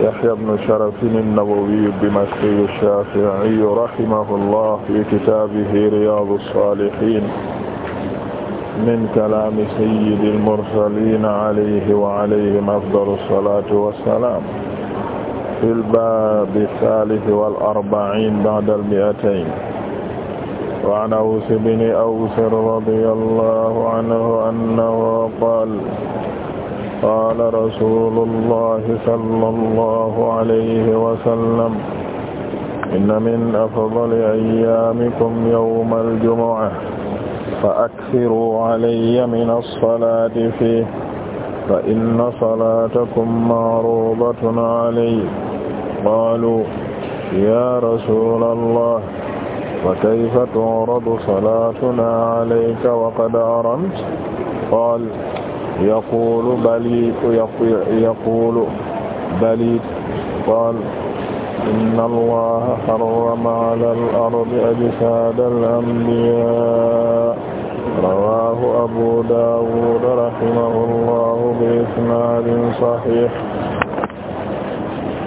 يحيى بن شرف النووي الدمشقي الشافعي رحمه الله في كتابه رياض الصالحين من كلام سيد المرسلين عليه وعليهم أفضل الصلاة والسلام في الباب الثالث والأربعين بعد المئتين وعن أوس بن أوس رضي الله عنه أنه قال qaala rasuulullahi sallallahu alayhi wa sallam inna min afdali ayyaamikum yawmal jumu'a fa aksiruu alayya mina salaati fiihi fa inna salaatakum ma'ruudatun alayya qaaluu yaa rasuulallah fa kayfa tu'radu salaatunaa alayka wa qad aramta qaala yaquulu baliiku yaquulu baliik qaal inna allaha harrama ala al-ardi ajsaada al-anbiyaa rawaahu abuu daawuud rahimahullahu bi isnaadin sahiih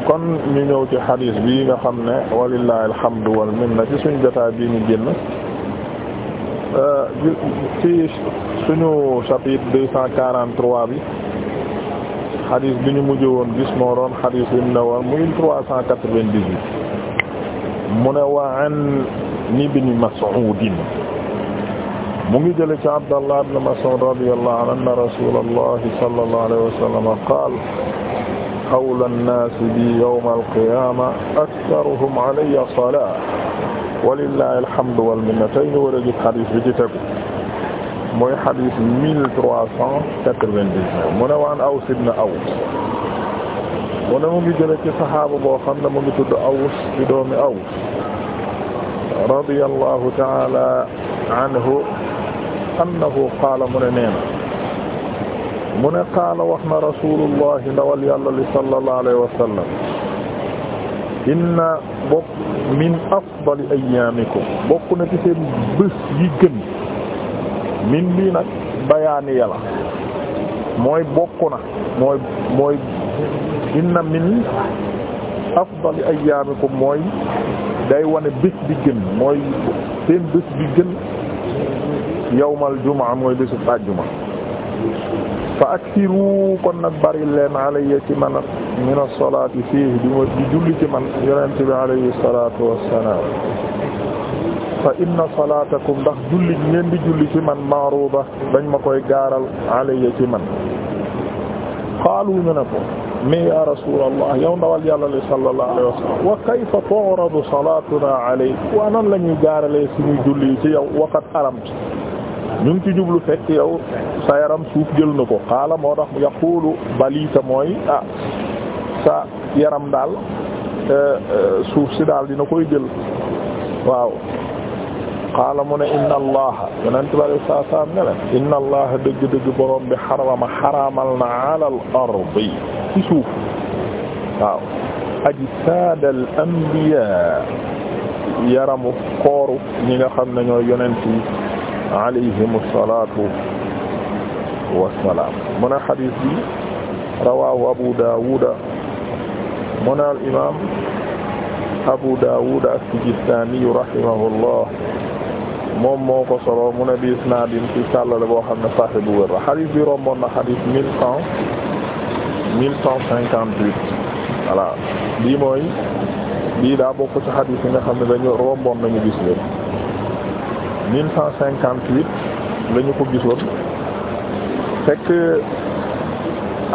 kon ñu ñëw ci xadis bii nga xam ne walillahi alhamdu wal minna ci suñu jotaay bii ñu génn euh, ci suñu chapitre deux cent quarante-trois bi xadis bi ñu mujj woon gis moo doon xadis bi mu ne woon muy trois cent quatre-vingt-dix-huit mu ne wa an ibn Mas'ud mu ngi jële ci Abdallah ibn Mas'ud radiyallahu anhu anna rasulullah sallallahu alayhi wa sallam qaala awla an-naasi bi yawma al-qiyaama aktharuhum alayya salaatan wa lillahi al-hamdu wal minna tey ñu war a gis xadis bi ci tegu mooy xadis mille trois cent quatre-vingt-dix-neuf mu ne waan Aws ibn Aws mu ne mu ngi jële ci saxaaba boo xam ne mu ngi tudd Aws di doomi Aws radiyallahu taala anhu annahu qaala mu ne nee na mu ne qaala wax na rasulullah ndawal yàlla li sallallahu alayhi wa sallam inna bokk min afdali ayyaamikum bokk na ci seen bés yi gën min lii nag bayaani yàlla mooy bokk na mooy mooy inna min afdali ayyaamikum mooy day wane bés bi gën mooy seen bés bi gën yawmal jumaa mooy bésu àjjuma fa aksiru kon nag bari leen alayya ci man min as-salaati fiihi di julli ci man yonent bi alayhi salaatu wassalaam fa inna salaatakum ndax julli ngeen di julli ci man maaruuda dañ ma koy gaaral alayya ci man qaalu ñu ne ko mais ya rasulallah yow ndawal yàlla li sallallahu alayhi wa sallam wa kayfa tu'radu salaatuna alayk waa nan la ñuy gaaralee julli ci yow waqad alamt ñu ngi ci jublu fekk yow sa yaram suuf jël na ko xaala moo tax yaqulu balita mooy ah sa yaram daal eh, eh, suuf si daal dina koy jël waaw qaala mu ne inna allaha yonent bi alei saat salaam ne leen inna allaha dëgg-dëgg borom bi xarama xaraamal na ala al ardi ci suuf waaw ajsaad al anbiyaa yaramu kooru ñi nga xam ne ñooy yonent yi alayhim asalatu wasalaam mu ne xadis bi rawaahu abu daawuda mu ne al imaam abu daawuda as-sijistaani rahimahullah moom moo ko solo mu ne bi isnaadin ci sàllale boo xam ne saxe bu wér la xadis bi romboon na xadis mille cent mille cent cinquante-huit voilà bii mooy lii daa bokk ci xadis yi nga xam ne dañu romboon nañu gis leen mille cent cinquante-huit lañu ko gisoon fekk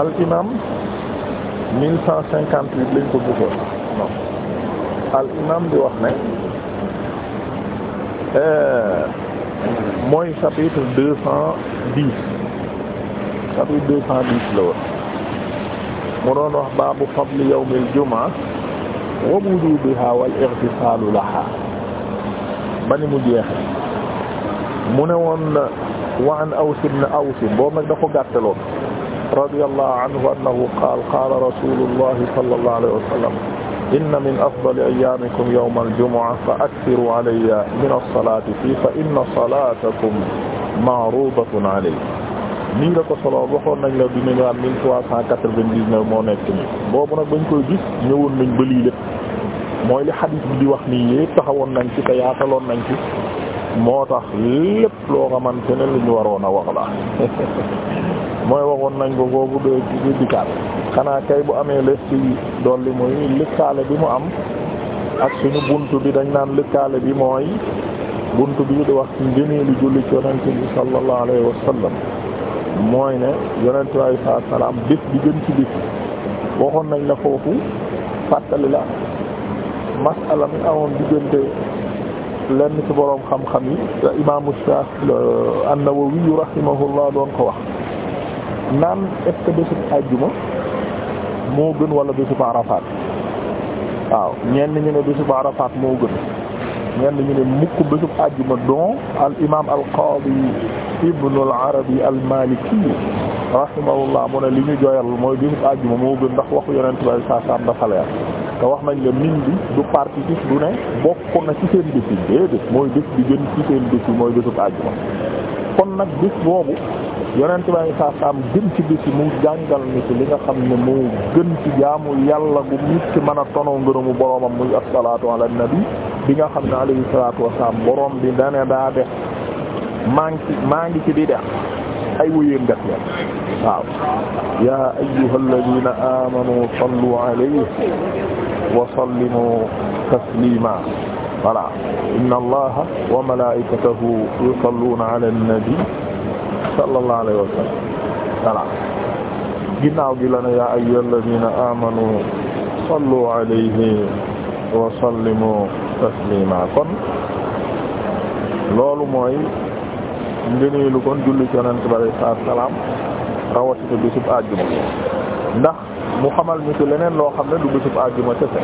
al imam mille cent cinquante-huit la ko gisoon non al imam di wax ne Eh, mooy chapitre deux cent dix chapitre deux cent dix la woon mu doon wax baabu fadli yawmil jumaa wa wujuubihaa wal ightisaalu lahaa ba ni mu jeexe mu ne woon wa an Aws ibn Aws boobu nag da ko gàttaloon radiyallahu anhu annahu qaala qaala rasuulullahi sallallahu alayhi wa sallam inna min afdali ayyaamikum yawmal jumu'a fa akthiruu alayya mina salaati fii fa inna salaatakum ma'ruudatun alayya nii la ko solo waxoon nañ la dina ñëwaat mille trois cent quatre-vingt-dix-neuf moo nekk nii boobu nag bañ koy gis ñëwoon nañ ba lii lépp mooy li xadiis bi di wax nii yépp taxawoon nañ ci te yaataloon nañ ci moo tax lépp loo xamante ne lu ñu waroon a wax la mooy waxoon nañ ko boobu de ci dikkaat xanaa kay bu amee les ci dolli muy lëkkaale bi mu am ak suñu bunt bi dañ naan lëkkaale bi mooy bunt bi di wax ci ngëneelu julli ci yonent bi sallallahu alayhi wa sallam mooy ne yonent bi salaam bés bi gën waxoon nañ la foofu fàttali la masala mi amoon diggante lenn ci boroom xam-xam yi te imaamu Shaafi an-Nawawi rahimahullah doon ko wax naan est ce bésub àjjuma moo gën wala bésub Arafaat waaw ñenn ñu ne bésub Arafaat moo gën ñenn ñu ne mukk bésub àjjuma don al imaam al qaadi Ibn al Arabi al Maliki rahimahullah mu ne li ñu jooyal mooy bésub àjjuma moo gën ndax waxu Yonent bi saa saam dafa leer te wax nañ la min bi du partitif du ne bokk na ci seen bés yi déedéet mooy bés bi gën ci seen bés mooy bésub àjjuma kon nag bés boobu yonent bi saa saam gën ci bés mu jàngal ni li nga xam ne mu gën ci jaamu yàlla bu nit ci mën a tonoo ngërëmu boromam muy assalaatu ala bi nga xam ne alayhi salaatu wassalaam borom bi dane daa def maa ngi ci di def ay wuyeen def leen waaw yaa ayyuhal ladina amanu sallu wa sallimu taslima voilà inna allaha wa malaikatahu yusalluna ala nabi sallallahu alayhi wa sallam voilà ginnaaw gi la ne yaa ayyuhal ladina amanu sallu alayhi wa sallimu taslima kon loolu mooy ngëneelu kon julli ci yonent bi alayhi salaam rawatina bisub àjjuma ndax mu xamal ñu ci leneen loo xam ne du bisub àjjuma kese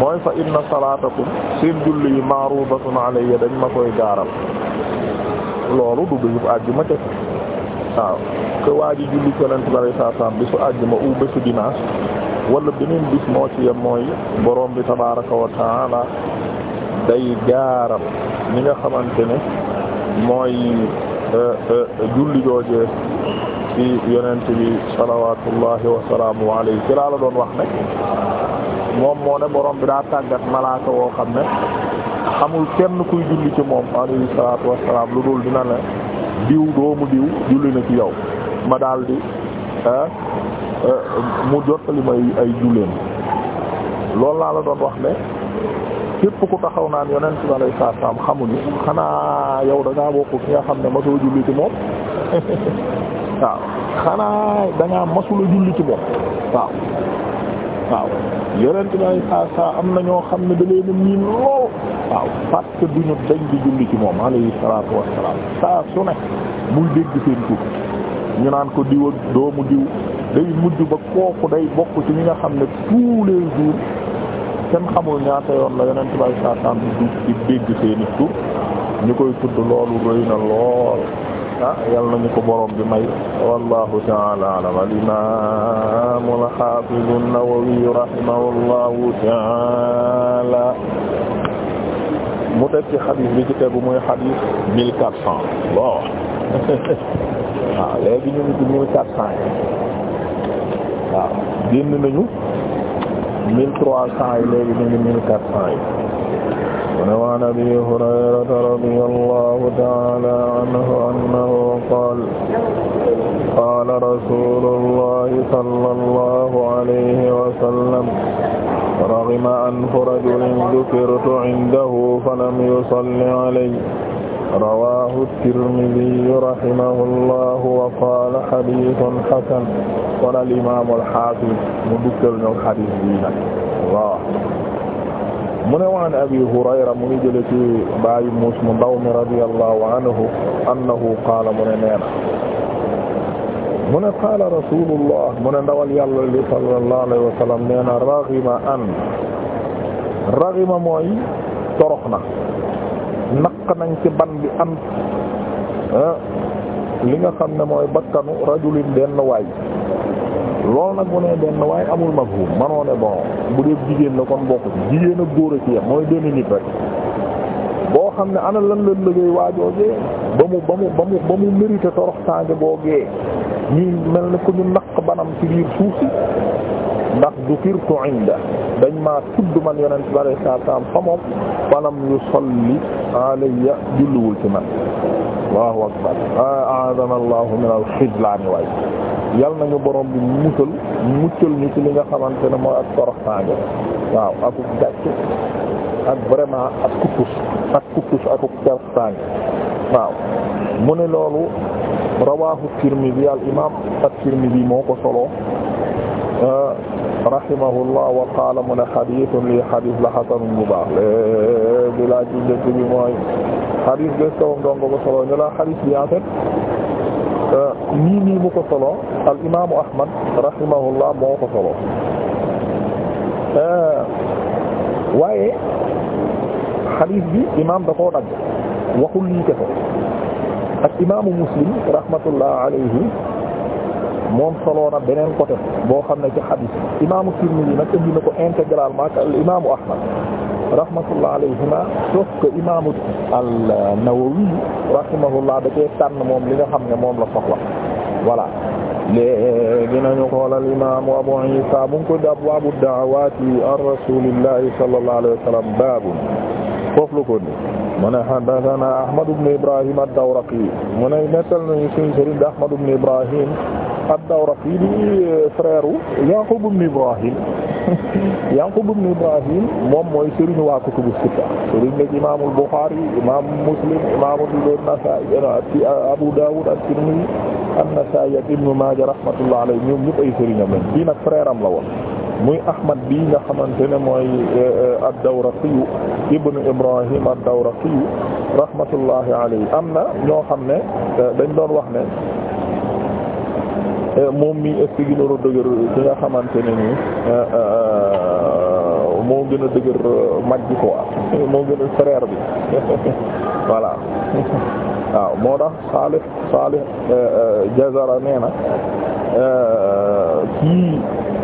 mooy fa inna salaatakum seen julli yi ma'rudatun alayya dañ ma koy gaaral loolu du bisub àjjuma kese waaw que waa ji julli yonent bi alayhi salaam bisu àjjuma ou bisu dimanche wala beneen bis moo ci yem mooy borom bi tabaaraka wa day gaaral ñi nga xamante ne mooy euh, euh, julli joojee ci yonent bi salawaatullahi wa salaamu alayhi ci laa la doon wax ne moom moo ne borom bi daa tàggat malaaka woo xam ne xamul kenn kuy julli ci moom alayhi salaatu wa salaam lu dul dina ne diw doomu diw julli na ci yow ma daldi ah, ah, mu jottali ay julleen lool laa la doon wax ne képp ku taxaw naan yonent bi alayhi salaatu wa salaam xamuñu xanaa yow da ngaa bokk ki nga xam ne ma soo julli ci moom waaw xanaa dangaa masula julli ci bopp waaw waaw yonent saa saa am na ñoo xam ne da leen a miin lool waaw parce que duñu dañ di julli ci moom alayhi salaatu wassalaam saa su ne muy dégg seen tur ñu naan ko diw ak doomu diw day mujj ba kooku day bokk ci ñi nga xam ne tous les jours kenn xamul ñaata yoon la yonent bi saa saa di dégg seen tur ñu koy tudd loolu rëy na lool ah yal nañu ko borom bi may wallahu ta'ala a'lam al-imam al-hafiz an-Nawawi rahimahullahu ta'ala mu teg ci xadis bi ci tegu muy xadis mille waaw léegi ñu ngi ci quatre cent yi waaw génn nañu mille yi léegi ñu ngi mille quatre cent yi وعن أبي هريرة رضي الله تعالى عنه أنه قال قال رسول الله صلى الله عليه وسلم رغم أنف رجل ذكرت عنده فلم يصل علي رواه الترمذي رحمه الله وقال حديث حسن قال الإمام الحافظ mu dugal ñu xadiis bi nag waaw mu ne waan abi hurayra mu ngi jële ci baayu muus mu ndaw mi radiyallahu anhu annahu qaala mu ne nee na mu ne qaala rasulullah mu ne ndawal yàlla li sallallahu alayhi wa sallam nee na raghima an raghima mooy torox na naq nañ ci ban bi am ah. li nga xam ne mooy bakkanu rajulin benn waay loolu nag mu ne benn waaye amul mafhum manoo ne bon bu dee jigéen la kon bokk ci jigéen ak góor a ci yem mooy benn nit rek boo xam ne ana lan lan liggéey waajoojee ba mu ba mu ba mu ba mu torox tànge boogee ñuy mel ne ko ñu naq banam ci biir suuf si ndax dukirtu inda dañ maa tudd man yonent bi alayhi salaatu salaam fa moom falam yusalli alayya julliwul ci man allahu akbar a'adana allahu min al xizlaani waay yal nañu boroom bi musal muccal ñu ci li nga xamante ne mooy ak toroxtaange waaw ak gàcce ak vraiment ak kuttus ak kuttus ak toroxtaange waaw mu ne loolu rawahu bi al imam at bi moo ko solo euh, rahimahullah wa qaala mu ne xaditun lii xadis la xasanun bu baax léegi laa ci njëkk bi mooy xadis bés tawam donga ko solo ñu la xadis bi en Euh, nii nii mu ko solo al imaamu Ahmad rahimahullah moo ko solo euh, waaye xadiis bi imaam da koo dagg waxul lii kese ak imaamu Muslim rahmatullah alayhi moom solo na beneen côté boo xam ne ci xadiis imaamu Tirmidhi nag indi na ko intégralement ak al imaamu Ahmad rahmatullah alayhima sauf que imaamu an-Nawawi rahimahullah da cee tànn moom li nga xam ne moom la soxla voilà léegi nañu xoolal imaamu Abu Isa mu ngi ko di abwaabu da'awaati an rasulillahi sallallahu alayhi wa sallam baabu foofu la ko ni mu ne haddathana Ahmad ibn Ibrahim ad-Dawraqi mu ne nettal nañu suñu sëriñ Ahmad ibn Ibrahim ad-Dawraqi di euh, frère Yaqub ibn Ibrahim Yaqub ibn Ibrahim moom mooy sëriñ waa kutubu sitta sëriñ la imaam al-Bukhari imaam Muslim imaam an-Nasa'i Abu Dawud at-Tirmidhi an-Nasa'i ak Ibn Majah rahmatullah alayhi ñoom ñëpp ay sëriñam lañ kii nag frère am la woon muy Ahmad bi nga xamante ne mooy euh, ad-Dawraqi ibn Ibrahim ad-Dawraqi rahmatullahi alayhi am na ñoo xam ne euh, dañ doon wax ne Euh, moom mi est-ce que dëgër ki nga xamante ne nii euh, euh, moo gën a dëgër mag bi quoi moo gën a frère bi voilà waaw moo tax Salih Salih Jazara nee na kii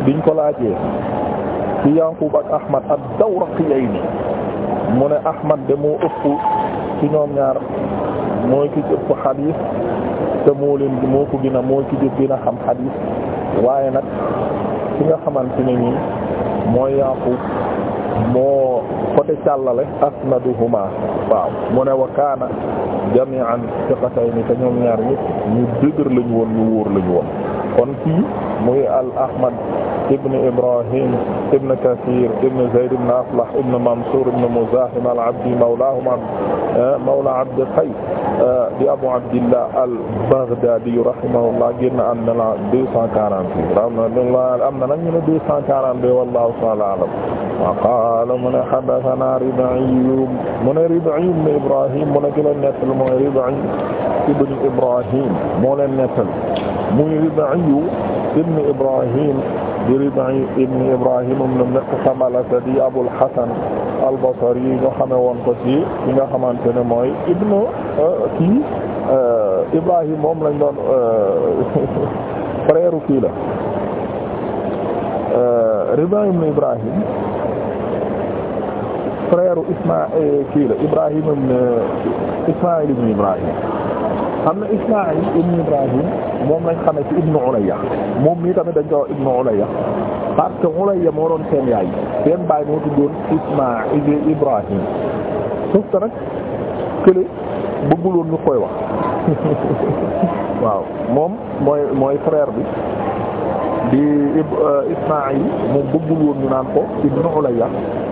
biñ ko laajee ci Yaqub ak Ahmad ad-Dawraqiyayni mu ne Ahmad de ëpp ci ñoom ñaar mooy ki ëpp xadiis te moo leen moo ko gën a moo ci gën dina xam xadiis waaye nag ki nga xamante ne nii mooy Yaqub moo côté càllale asnaduhuma waaw mu ne wa kaana jami'an thiqatayn te ñoom ñaar ñëpp ñu dëgër lañu woon ñu wóor lañu woon kon kii muy al ahmad ibn ibrahim ibn kathir ibn zayd ibn aflah ibn mansur ibn muzahim al abdi mawlahum eh, mawla abd qais eh, di abu abdillah al baghdadi rahimahullah génn am na la deux cent quarante-huit am na nag ñu ne deux cent quarante-deux wallahu ta'ala a'lam wa qala mu ne hadathana rib'i mu ne rib'i ibn ibrahim mu ne ki leen nettal mooy rib'i ibn ibrahim moo leen nettal muy rib'i ibn Ibrahim di Rib'i ibn Ibrahim ibn Muqsam al-Asadi Abul Hasan al-Basri yi nga xame woon ko ci ki nga xamante ne mooy ibn euh, kii euh, Ibrahim moom lañ doon euh, frère kii la Rib'i ibn Ibrahim frère Ismaïl kii la Ibrahim ibn Ismaïl ibn Ibrahim am na Ismaïl ibn Ibrahim moom lañ xamee ci ibn Ulayya moom mii tamit dañ ko ibn Ulayya parce que Ulayya moo doon seen yaay seen baay moo tuddoon Ismaïl Ibrahim sauf que nag kële bëgguloon ñu koy wax moom mooy mooy bi di euh, Ismaïl moom bëggul woon ñu naan ko ibnu Ulayya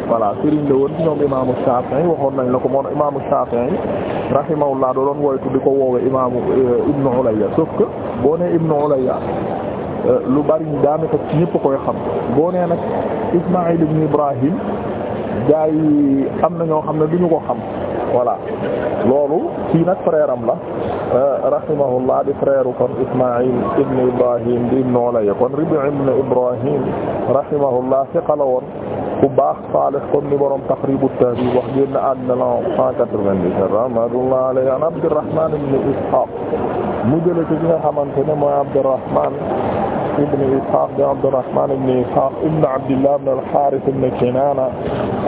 voilà sëriñ la woon ñoom imaamu Shafi'i waxoon nañ la ko moo imaamu Shafi'i rahimahullah da doon woytu di ko woowe imaamu euh, ibnu Ulayya sauf que boo nee ibnu Ulayya euh, lu bari ñu daanaka ci ñëpp koy xam boo nee nag Ismaïl ibnu Ibrahim gaa yi am na ñoo xam ne duñu ko xam voilà loolu kii nag frère am la euh, rahimahullah di frère kon Ismaïl ibn Ibrahim di ibn Ulayya kon Rib'i ibn Ibrahim rahimahullah siqa la woon ku baax saalih comme ni borom Taqrib at-Tahdhib wax génn àddina la 197 rahmatullah alayhi an Abdurrahman ibn Ishaq mu jële ci nga xamante ne mooy Abdurrahman ibn Ishaq di Abdurrahman ibn Ishaq ibn Abdillah ibn al-Harith ibn Kinana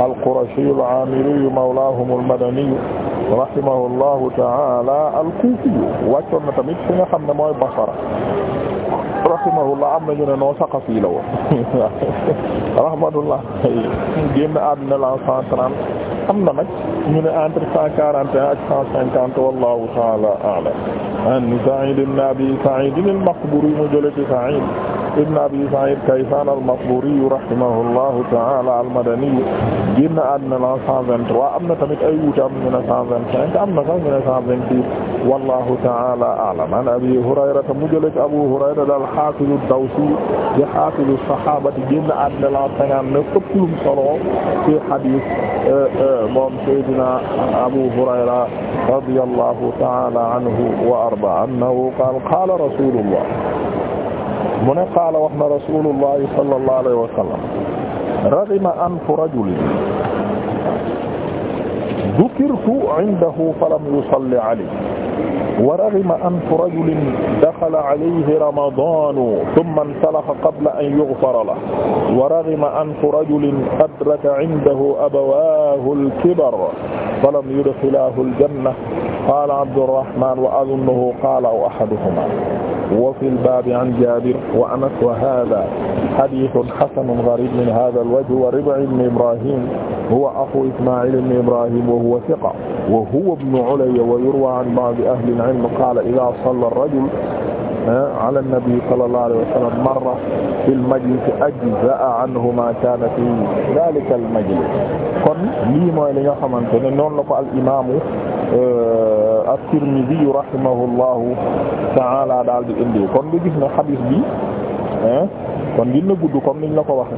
al-Qurashi al-Amiri mawlahum al-Madani rahimahullahu ta'ala al-Kufi wàccoon na tamit fi nga xam ne mooy Basra rahimahullah am nañu ne noo Saqafi la woon rahmatullah génn àdduna la cent trente am na nag ñu ne entre cent quarante et un ak cent cinquante wallahu ta'ala a'lam an Sa'id ibn Abi Sa'id al-Maqburi mu jële ci Sa'id ibn abi sa'id kaysan al-maqburi rahimahullahu ta'ala al-madani génn àddina la 123 am na tamit ay wuute am na 125 am na sax 126 wallahu ta'ala a'lam an abi hurayrata mu jële ci abu hurayra dal hafiz ad-dawsi di hafiz as-sahabati génn àddina la 59 ëpp lu solo ci hadith euh, euh, moom sayyidina abu hurayra radiyallahu ta'ala anhu wa arda annahu qala qala rasulullah mu ne qaala wax na rasulullahi sallallahu alayhi wa sallam raghima anfu rajulin dukirtu indahu falam yusalli alayhi wa raghima anfu rajulin dakhala alayhi ramadanu thumma intalaqa qabla an yughfara lahu wa raghima anfu rajulin adraka indahu abawaahu al-kibar falam yudkhilahu al-janna qaala Abdurrahman wa adhunnuhu qaala aw ahaduhuma wa fil baabi an Jaabir wa Anas wa haazaa hadiisun hasanun gariib min haazal wajhi wa Rib'i ibn Ibraahiim huwa axu Ismaa'iil ibn Ibraahiim wa huwa siqa wa huwa ibnu Ulayya wa yurwaa an ba'di ahli al-'ilm qaala izaa sallaa ar-rajulu 'alaa an-nabiyyi sallallaahu 'alayhi wa sallam marra fil majlisi ajza'a 'anhu maa kaana fii dhaalika al-majlis kon lii mooy li nga xamante ne noonu la ko al imaamu Euh, at-Tirmidhi rahimahullahu ta'ala daal di indi kon nga gis na xadiis bi kon gën na gudd comme niñ la ko waxe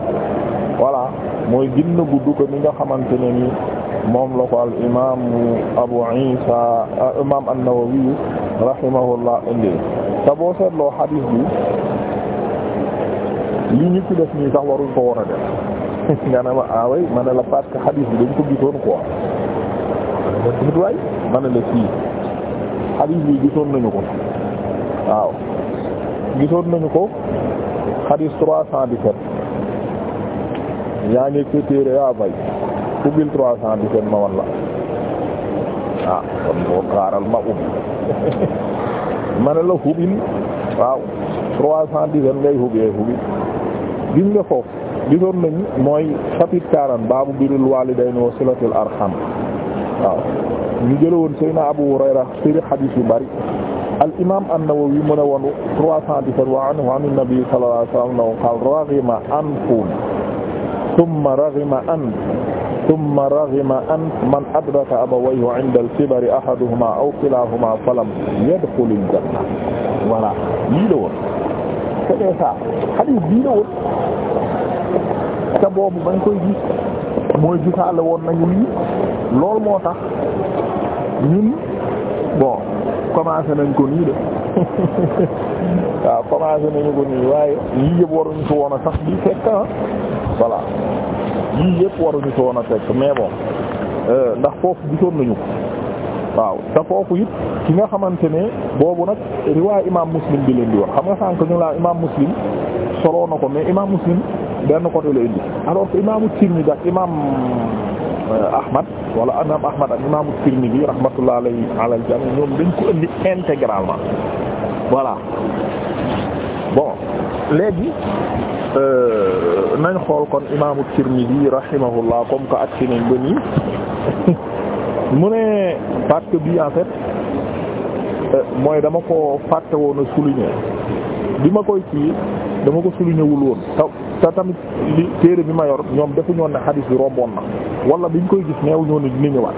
voilà mooy gën na gudd ko ni nga xamante ne ni moom la ko al imam Abu Isa euh, imam an-Nawawi rahimahullah indi te boo seetloo xadiis bi li ñu ci def nii sax waruñ ko war a def nga ne ma away ah ma ne la parce que xadiis bi dañ ko gisoon quoi ne ma tamit waay ma la fii xadiis bi gisoon nañu ko waaw gisoon nañu ko xadiis trois cent dix-sept yaa ngi ci téere yaa bay ubbil trois cent dix ma wan la ah kon moo xaaral ma ubbi ma ne la hubil waaw trois cent dix-sept ngay hubee hubil gis nga foofu gisoon nañ mooy chapitre quarante baabu birrul waalidayni wa silatul arham waaw ñu jële woon Seydina Abu Hurayra seri hadith yu bari al imam an-Nawawi mu ne woon trois cent dix-sept wa anhu an an-nabi sallallahu alayhi wa sallam naw qaal raghima anfun thumma raghima anf thumma raghima anf man adraka abawayhi 'inda al-kibari ahaduhuma aw kilahuma falam yadkhul al-janna voilà lii la woon c'est ça hadith bii la woon te boobu bañ koy gis mooy gisaale woon nañu lii loolu moo tax ñun bon commencé nañ ko nii de waaw commencé nañu ko nii waaye lii yëpp waruñu si woon a sax di fekk ah voilà lii yëpp waruñu si woon a fekk mais bon euh, ndax foofu gisoon nañu ko waaw te foofu it ki nga xamante ne boobu nag riwaay imaam muslim bi leen di wax xam nga sànq ñu laa imaam muslim soloon na ko mais imaam muslim. benn côté la indi alors que imaamu Tirmidhi ak imaam euh, Ahmad wala imaam Ahmad ak imaamu Tirmidhi rahmatullah alayhi ala al-jami ñoom dañ ko indi intégralement voilà bon léegi euh, nañ xool kon imaamu Tirmidhi rahimahullah comme que agsi nañ ba nii mu ne parce que en fait euh, mooy dama ko fàtte woon a bi ma koy kii dama ko souligner woon te tamit li téere bi ma yor ñoom defu ñoon ne xadiis bi romboon na wala biñ koy gis neew ñoo ni ni ñëwaat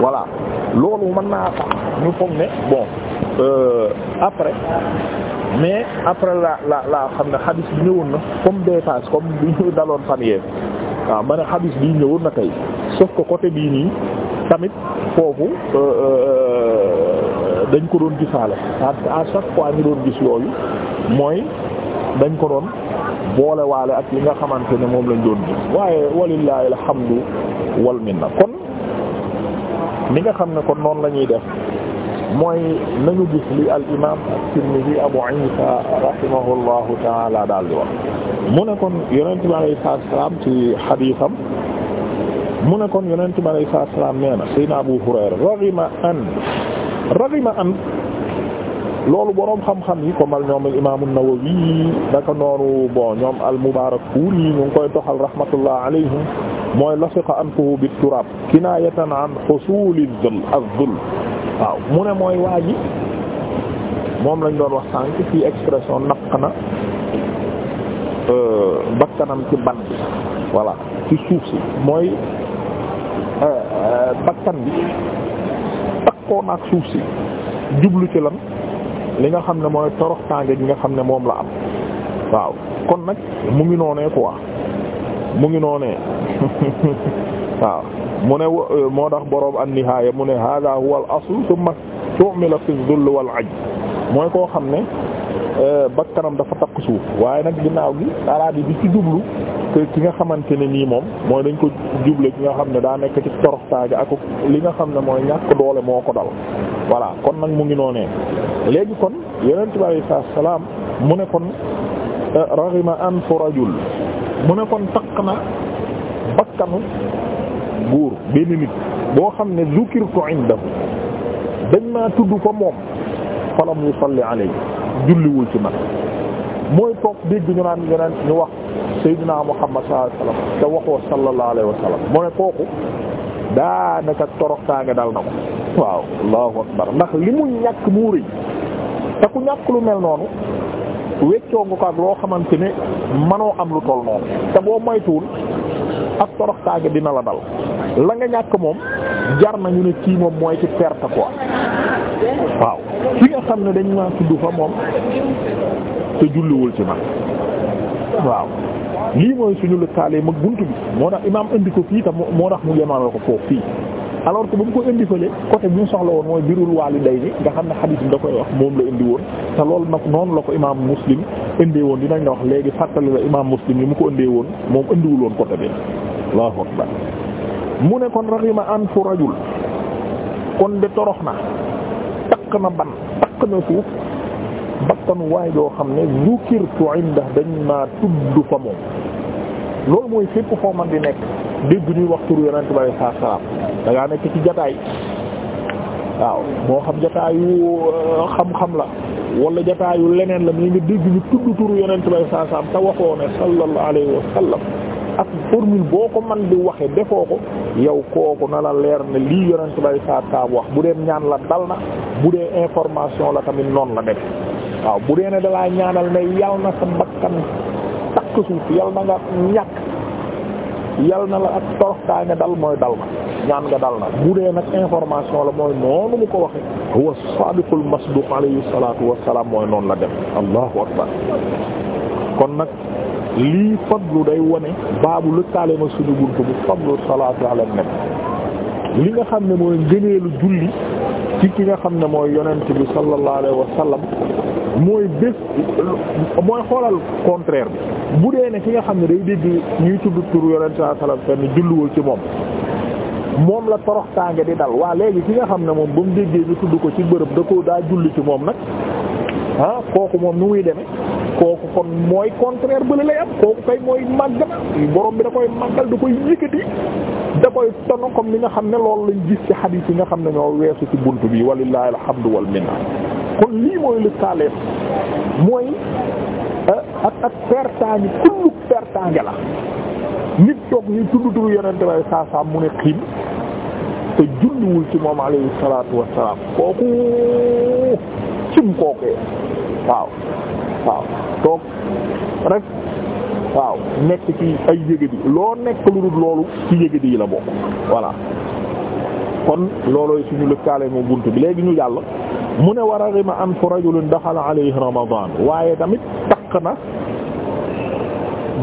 voilà loolu mën naa tax ñu foog ne bon euh, après mais après la la la xam ne xadiis bi ñëwoon na comme des pages comme bi ñu daloon fan yee waaw ma ne xadiis bi ñëwoon na tey sauf que côté bii nii tamit foofu euh, euh, dañ ko doon gisaale parce que à chaque fois ñu doon gis yooyu mooy dañ ko doon boole waale ak li nga xamante ne moom lañ doon gis waaye walillahi alhamdu wal minna kon li nga xam ne kon noonu la ñuy def mooy nañu gis li al imam at-Tirmidhi Abu Isa rahimahullahu taala daal di wax mu ne kon yonent bi alayhi salaam ci xadiisam mu ne kon yonent bi alayhi salaam nee na Seydina Abu Hurayra raghima an raghima an loolu boroom xam-xam yi ko mal ñoom al-Imaam an-Nawawi naka noonu bon ñoom al-Mubaarakfuuri ñu ngi koy toxal rahmatullah alayhim mooy lasiqa anfuhu bit-turaab kinaayatan an husuuli az-zull az-zull waaw mu ne mooy waa ji moom lañ doon wax sànq fii expression naq na euh, bakkanam ci ban bi ci suuf si mooy euh, euh, bakkan bi takkoo naak suuf si jublu ci lan li nga xam ne mooy toroxtaange gi nga xam ne moom la am waaw kon nag mu ngi noonee quoi mu ngi noonee waaw mu ne euh, moo tax boroom am nihaaya mu ne hada huwa al-asl thumma tu'mila fi dhull wal ajz mooy koo xam ne euh, kanam dafa takk suuf waaye nag ginnaaw gi araab yi di ci jublu te ki nga xamante ne nii moom mooy dañ ko juble ki nga xam ne daa nekk ci toroxtaange ak li nga xam ne mooy ñàkk doole moo ko dal voilà kon nag mu ngi noonee léegi kon yonent bi alayhi salaam mu ne kon euh, raghima anfu rajul mu ne kon takk na bakkanu buur benn nit boo xam ne zukirtu indahu dañ maa tudd fa moom falam yusalli alayhi julliwul ci man mooy toog dégg ñu naan wax Seydina Muhammad sallallahu alayhi wa sallam te waxoo sallallahu alayhi wa sallam mu ne kooku daanaka dal na ko waaw allahu akbar ndax li mu ñàkk muur yi te ku ñàkk lu mel noonu weccoo nga ko ak loo xamante ne manoo am lu toll noonu te boo moytuwul ak torox taaga dina la dal la nga ñàkk moom jar nañu ne kii moom mooy ci perte quoi waaw ki nga xam ne dañ maa tudd fa moom te julliwul ci man waaw lii mooy suñu lëkkaale mag bunt bi moo tax imaam indi ko fii te moo tax mu yemaanal ko foofu fii alors que ba mu ko indi fële côté bi ñu soxla woon mooy birul bi nga xam ne xadiis bi da koy wax moom la indi woon te loolu nag noonu la ko imaam muslim indee woon dinañ la wax léegi fàttali la imaam muslim yi mu ko indee woon moom indiwul woon côté bi allahu akbar mu ne kon raxima an fu rajul kon de torox na takk na ban takk na suuf bakkanu waay doo xam ne zukirtu inda dañ maa tudd fa moom loolu mooy fépp foo man di nekk dégg ñuy wax turu yonent bi saa salaam da nekk ci jataay waaw moo xam jataayu euh, xam-xam la wala jataayu leneen la mais nga dégg ñu tudd turu yonent bi saa salaam te waxoo ne sallallahu alayhi ak formule boo ko man di waxe defoo ko yow kooku na la leer ne lii yonent bi saa salaam wax bu dee ñaan la dal na bu dee information la tamit noonu la def waaw bu dee ne dalaa ñaanal ne yal na sa bakkan takk suuf yal na nga ñàkk. yal na la ak toroxtaa nga dal mooy dal na ñaan nga dal na bu dee nag information la mooy noonu mu ko waxee huwa sadiqul masduq alayhi salatu wasalaam mooy noonu la dem allahu akbar kon nag lii fadlu day wone baabu lëkkaale ma suñu bunt bu fadlu salaatu ala nabi li nga xam ne mooy ngëneelu julli ci ki nga xam ne mooy yonent bi sallallahu alayhi wa sallam mooy bés mooy xoolal contraire bi bu dee ne ki nga xam ne day dégg ñuy tudd tur yonent saa salaam fenn julliwul ci moom moom la toroxtaange di dal waa léegi ki nga xam ne moom ba mu déggee ñu tudd ko ci bërëb da ko daa julli ci moom nag ah kooku moom nu muy demee. kooku kon mooy contraire bële lay am kooku kay mooy màgg na borom bi da koy màggal da koy yëkkati da koy tono comme li nga xam ne loolu lañ gis ci xadiis yi nga xam ne ñoo weesu ci bunt bi walillahi alhamdu wal minna kon lii mooy li kaaleef mooy eh, ak ak pertaangi kullu pertaange la nit toog ñuy tudd turu yonente way saa saa mu ne xiim te julliwul ci moom alayhi salaatu wassalaam kooku cim kookee waaw waaw toog rek waaw nekk ci ay yëgadi loo nekk lu dul loolu ci yëgadi yi la bokk voilà kon loolooy suñu lëkkaale mu bunt bi léegi ñu jàll mu ne war a rima an fu rajulin daxala alayhi ramadan waaye tamit takk na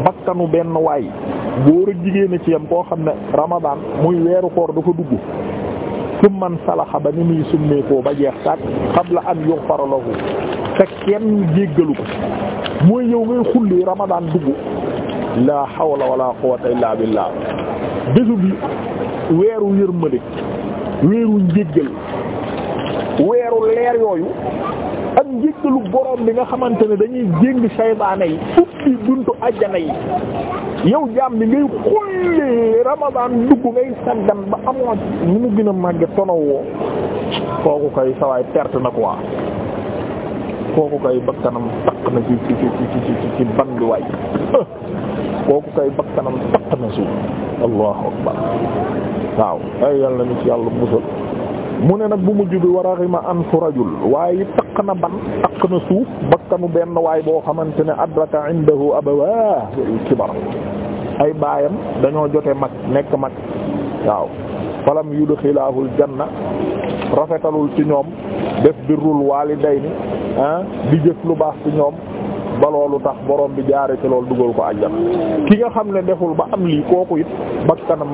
bakkanu benn waay góor ak jigéen ci yam koo xam ne ramadan muy weeru koor dafa dugg summan salaxa ba ni muy summeekoo ba jeex saat qabla an yughfara lahu te kenn jéggalu ko mooy yow ngay xulli ramadaan dugg la hawla wala quwwata illa billah bésu bi weeru yërmande weeru njéggal weeru leer yooyu ak njéggalu borom bi nga xamante ne dañuy jéng saytaane yi fukki buntu àjjana yi yow jaam bi ngay xulli Ramadan dugg ngay saggan ba amoo ni mu gën a màgge tonaw woo kooku kay sawaay perte na quoi kooku kay bakkanam takk na ci ci ci ci ci ban bi waay kooku kay bakkanam takk na suuf allahu akbar waaw ay yàlla na ci yàlla musal mu ne nag bu mujj bi war a rima ansu rajul waaye takk na ban takk na suuf bakkanu benn waay boo xamante ne adraka indahu abawaa kibar ay baayam dañoo jote mag nekk mag waaw falam yudxilahul janna rafetalul ci ñoom def birrul waalidayni ah di jëf lu baax ci ñoom ba loolu tax borom bi jaare ci loolu dugal ko àjjana ki nga xam ne deful ba am lii kooku it bakkanam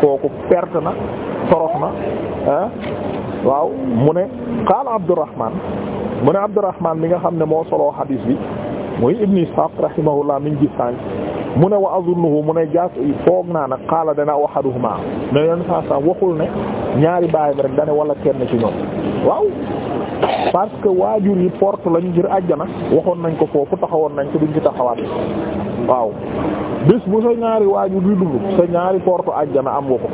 kooku perte na torox na ah waaw mu ne qaala Abdurrahman mu ne Abdurrahman mi nga xam ne moo soloo xadiis bi muy Ibn Ishaq rahimahullah min gis sànq mu ne wa azunnuhu mu ne jaas foog naa nag qaala dana wahaduhuma ne yoon saa saa waxul ne ñaari baayam rek dane wala kenn ci ñoom waaw parce que waajur yi porte lañu ngir àjjana waxoon nañ ko foofu taxawoon nañ ko duñ ci taxawaat waaw bis bu sa ñaari waajur di dund sa ñaari porte àjjana am nga ko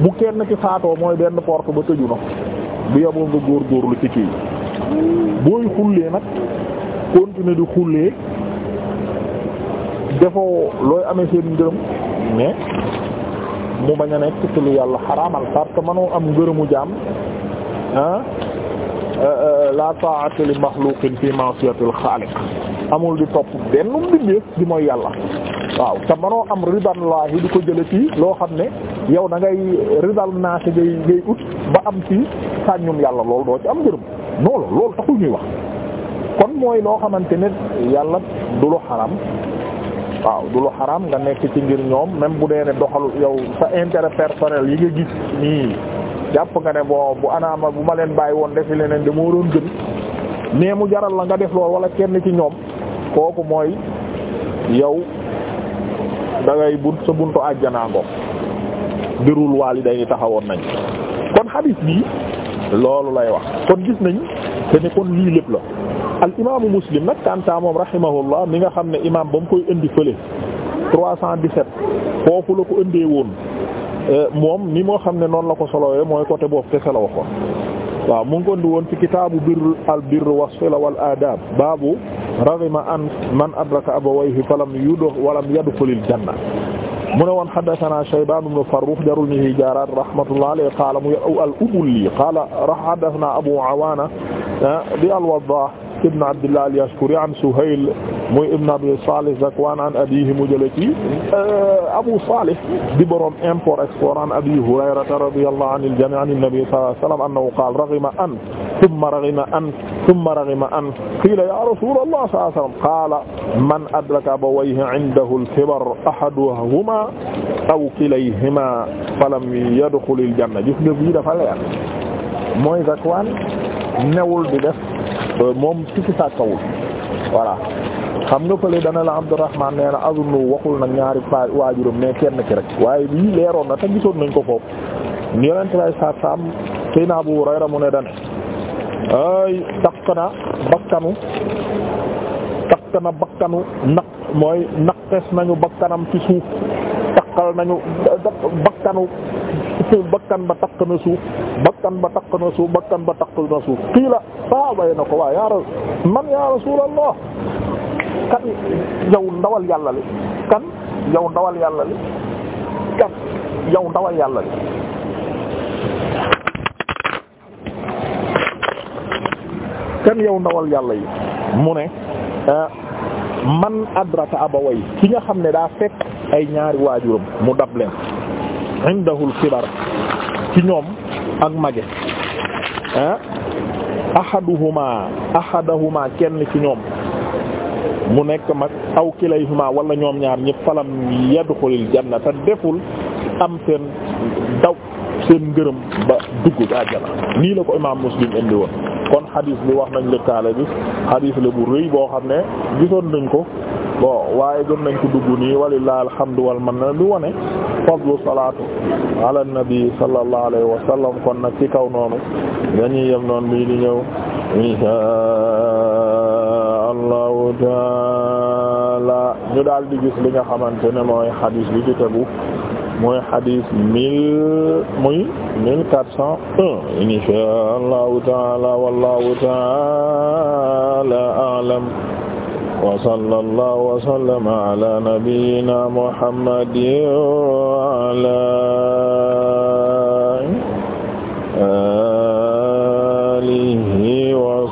bu kenn ki faatoo mooy benn porte ba tëju na bu góor góor lu ci kii booy xullee nag continuer di xullee defoo looy amee seen ngërëm mu bañ a nekk ci lu yàlla xaraamal parce que mënoo am ngërëmu jaam ah la ta'ata li makhluqin fi ma'siyatil khaliq amul di topp benn mbindeef di mooy yàlla waaw te manoo am ridanlaahi di ko jële ci loo xam ne yow da ngay ridal naasi ngay ngay ut ba am ci sàññum yàlla loolu doo ci am ngërëm noonu lool taxul ñuy wax kon mooy loo xamante ne yàlla du lu xaram waaw du lu xaram nga nekk ci ngir ñoom même bu dee ne yow sa intérêt yi nga gis nii jàpp nga ne bon bu anaama bu ma leen bàyyi woon defi leneen damoo doon gën mais mu jaral la nga def lool wala kenn ci ñoom kooku mooy yow da ngay bunt sa buntu àjjanaa ngoog birrul waalidayni taxawoon nañ kon hadis bi loolu lay wax kon gis nañ te ne kon lii lépp la al imaamu muslim nag kanta moom rahimahullah mi nga xam ne imaam ba mu koy indi fële 317 foofu la ko indee woon euh, moom ni moo xam ne noonu la ko solowee mooy côté boobu kese la waxoon waaw mu ngi ko indi woon ci kitaabu birr al birr wasfila wal adab baabu raghima an man adraka abawayhi falam yudux walam yadxulil janna mu ne woon haddathana Shaybaan ibn Farrukh jarul ñu ciy jaaraat rahmatullahi alayhi qaala mu al-Ubulli qaala haddathana Abu Awaana ah, di al-Waddaah ibn Abdillah al-Yashkuri an Suhayl muy ibn abi salih zakwan an abihi mu jële ci euh, abu salih di borom import export an abi hurayrata radiyallahu anil jami' an nabi sallallahu alayhi wa sallam annahu qala raghima an thumma raghima an thumma raghima an qila ya rasulullah sallallahu alayhi wa sallam qala man adraka abawayhi indahu al-kibar ahaduhuma aw kilayhima falam yadkhulil janna gis nga bii dafa leer mooy zakwan newul di def euh, moom tikki sàkkawul voilà xam nga fële dana la Abdurrahman nee na azunnu waxul nag ñaari pa waajuram mais kenn ki rek waaye lii leeroon na te gisoon nañ ko foofu yonent lay saat saam sayna naa Hurayra mu ne dane ay takk na bakkanu takk na bakkanu naq mooy naqes nañu bakkanam ci suuf takkal nañu bakkanu bakkan ba takk na suuf bakkan ba takk na suuf bakkan takk na suuf kii la saaba yi na ko waaye yaa man yaa rasuulallah kan yow ndawal yàlla li kan yow ndawal yàlla li kan yow ndawal yàlla li kan yow ndawal yàlla yi mu ne ah, man adraka abaway ki nga xam ne daa fekk ay ñaari waajuram mu dab leen indahul kibar ci ñoom ak mage ah ahaduhuma kenn ci ñoom mu nekk mag aw kilayhuma wala ñoom ñaar ñëpp falam yadxulil janna te deful am seen daw seen ngërëm ba dugg ba àjjana nii la ko imaam muslim indi woon kon xadiis bi wax nañ lëkkaale bi xadiis la bu rëy boo xam ne gisoon nañ ko bon waaye doon nañ ko dugg nii walillahi alhamdu wal manna bi wone fadlu salaatu ala nabi sallallahu alayhi wa sallam kon nag ci kaw noonu dañuy yem noonu bii di ñëw allahu taala ñu daal di gis li nga xamante ne mooy xadis bi ci tegu mooy xadis mille muy mille quatre cent un insha allahu taala wallahu taala a'lam wa sallallahu wa sallama ala nabiyyina muhammadin wa ala